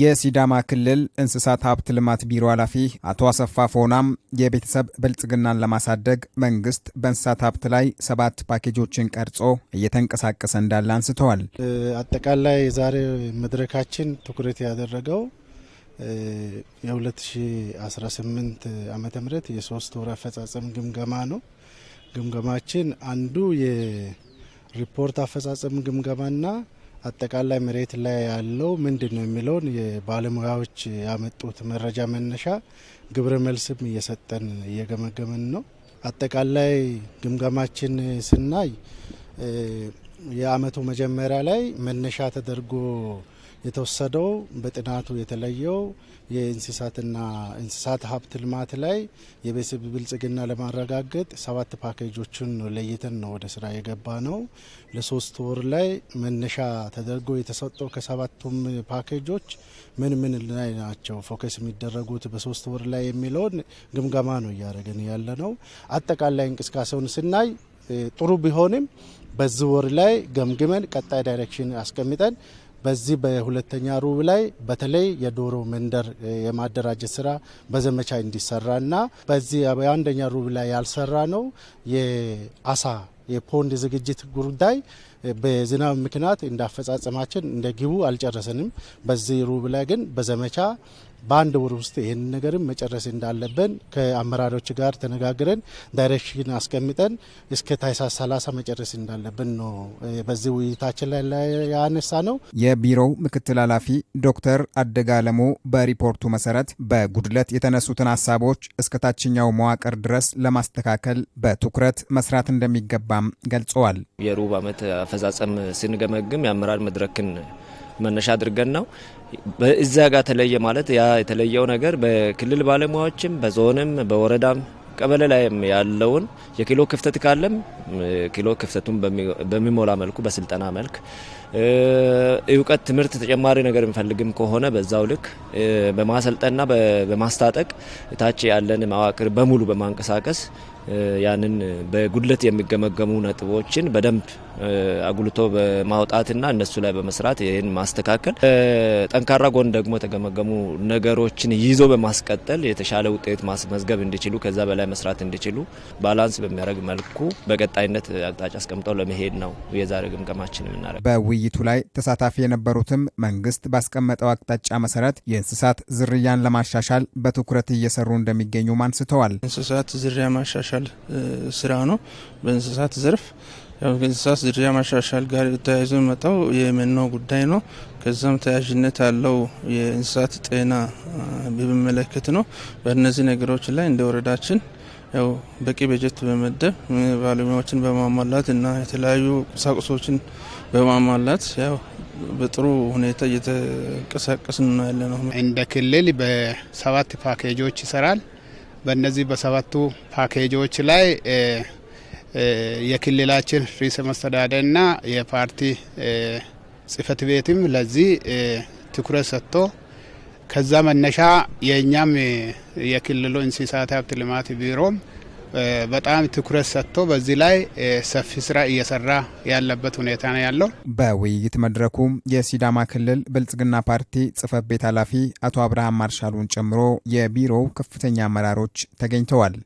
የሲዳማ ክልል እንስሳት ሀብት ልማት ቢሮ ኃላፊ አቶ አሰፋ ፎናም የቤተሰብ ብልጽግናን ለማሳደግ መንግስት በእንስሳት ሀብት ላይ ሰባት ፓኬጆችን ቀርጾ እየተንቀሳቀሰ እንዳለ አንስተዋል። አጠቃላይ የዛሬ መድረካችን ትኩረት ያደረገው የ2018 ዓ. ም የሶስት ወር አፈጻጸም ግምገማ ነው። ግምገማችን አንዱ የሪፖርት አፈጻጸም ግምገማና አጠቃላይ መሬት ላይ ያለው ምንድን ነው የሚለውን የባለሙያዎች ያመጡት መረጃ መነሻ ግብረ መልስም እየሰጠን እየገመገመን ነው። አጠቃላይ ግምገማችን ስናይ የአመቱ መጀመሪያ ላይ መነሻ ተደርጎ የተወሰደው በጥናቱ የተለየው የእንስሳትና እንስሳት ሀብት ልማት ላይ የቤተሰብ ብልጽግና ለማረጋገጥ ሰባት ፓኬጆችን ለይተን ነው ወደ ስራ የገባ ነው። ለሶስት ወር ላይ መነሻ ተደርጎ የተሰጠው ከሰባቱም ፓኬጆች ምን ምን ላይ ናቸው ፎከስ የሚደረጉት በሶስት ወር ላይ የሚለውን ግምገማ ነው እያደረግን ያለ ነው። አጠቃላይ እንቅስቃሴውን ስናይ ጥሩ ቢሆንም በዚህ ወር ላይ ገምግመን ቀጣይ ዳይሬክሽን አስቀምጠን በዚህ በሁለተኛ ሩብ ላይ በተለይ የዶሮ መንደር የማደራጀት ስራ በዘመቻ እንዲሰራና በዚህ በአንደኛ ሩብ ላይ ያልሰራ ነው የአሳ የፖንድ ዝግጅት ጉዳይ በዝናብ ምክንያት እንዳፈጻጸማችን እንደ ግቡ አልጨረሰንም። በዚህ ሩብ ላይ ግን በዘመቻ በአንድ ወር ውስጥ ይህን ነገርም መጨረስ እንዳለብን ከአመራሮች ጋር ተነጋግረን ዳይሬክሽን አስቀምጠን እስከ ታህሳስ 30 መጨረስ እንዳለብን ነው በዚህ ውይይታችን ላይ ያነሳ ነው። የቢሮው ምክትል ኃላፊ ዶክተር አደጋለሙ በሪፖርቱ መሰረት በጉድለት የተነሱትን ሀሳቦች እስከ ታችኛው መዋቅር ድረስ ለማስተካከል በትኩረት መስራት እንደሚገባም ገልጸዋል። የሩብ ዓመት አፈጻጸም ስንገመግም የአመራር መድረክን መነሻ አድርገን ነው። እዛ ጋር ተለየ ማለት ያ የተለየው ነገር በክልል ባለሙያዎችም በዞንም በወረዳም ቀበሌ ላይም ያለውን የኪሎ ክፍተት ካለም ኪሎ ክፍተቱን በሚሞላ መልኩ በስልጠና መልክ እውቀት፣ ትምህርት ተጨማሪ ነገር የሚፈልግም ከሆነ በዛው ልክ በማሰልጠንና በማስታጠቅ ታች ያለን መዋቅር በሙሉ በማንቀሳቀስ ያንን በጉድለት የሚገመገሙ ነጥቦችን በደንብ አጉልቶ በማውጣትና እነሱ ላይ በመስራት ይህን ማስተካከል፣ ጠንካራ ጎን ደግሞ የተገመገሙ ነገሮችን ይዞ በማስቀጠል የተሻለ ውጤት ማስመዝገብ እንዲችሉ ከዛ በላይ መስራት እንዲችሉ ባላንስ በሚያደርግ መልኩ በቀጣ ቀጣይነት አቅጣጫ አስቀምጠው ለመሄድ ነው የዛሬ ግምገማችን የምናደርገው። በውይይቱ ላይ ተሳታፊ የነበሩትም መንግስት ባስቀመጠው አቅጣጫ መሰረት የእንስሳት ዝርያን ለማሻሻል በትኩረት እየሰሩ እንደሚገኙም አንስተዋል። እንስሳት ዝርያ ማሻሻል ስራ ነው። በእንስሳት ዘርፍ እንስሳት ዝርያ ማሻሻል ጋር ተያይዞ የመጣው የመኖ ጉዳይ ነው። ከዛም ተያዥነት ያለው የእንስሳት ጤና በሚመለከት ነው። በእነዚህ ነገሮች ላይ እንደ ወረዳችን ያው በቂ በጀት በመደብ ባለሙያዎችን በማሟላት እና የተለያዩ ቁሳቁሶችን በማሟላት ያው በጥሩ ሁኔታ እየተንቀሳቀስን ነው ያለ ነው። እንደ ክልል በሰባት ፓኬጆች ይሰራል። በእነዚህ በሰባቱ ፓኬጆች ላይ የክልላችን ርዕሰ መስተዳደርና የፓርቲ ጽህፈት ቤትም ለዚህ ትኩረት ሰጥቶ ከዛ መነሻ የእኛም የክልሉ እንስሳት ሀብት ልማት ቢሮም በጣም ትኩረት ሰጥቶ በዚህ ላይ ሰፊ ስራ እየሰራ ያለበት ሁኔታ ነው ያለው። በውይይት መድረኩ የሲዳማ ክልል ብልጽግና ፓርቲ ጽህፈት ቤት ኃላፊ አቶ አብርሃም ማርሻሉን ጨምሮ የቢሮው ከፍተኛ አመራሮች ተገኝተዋል።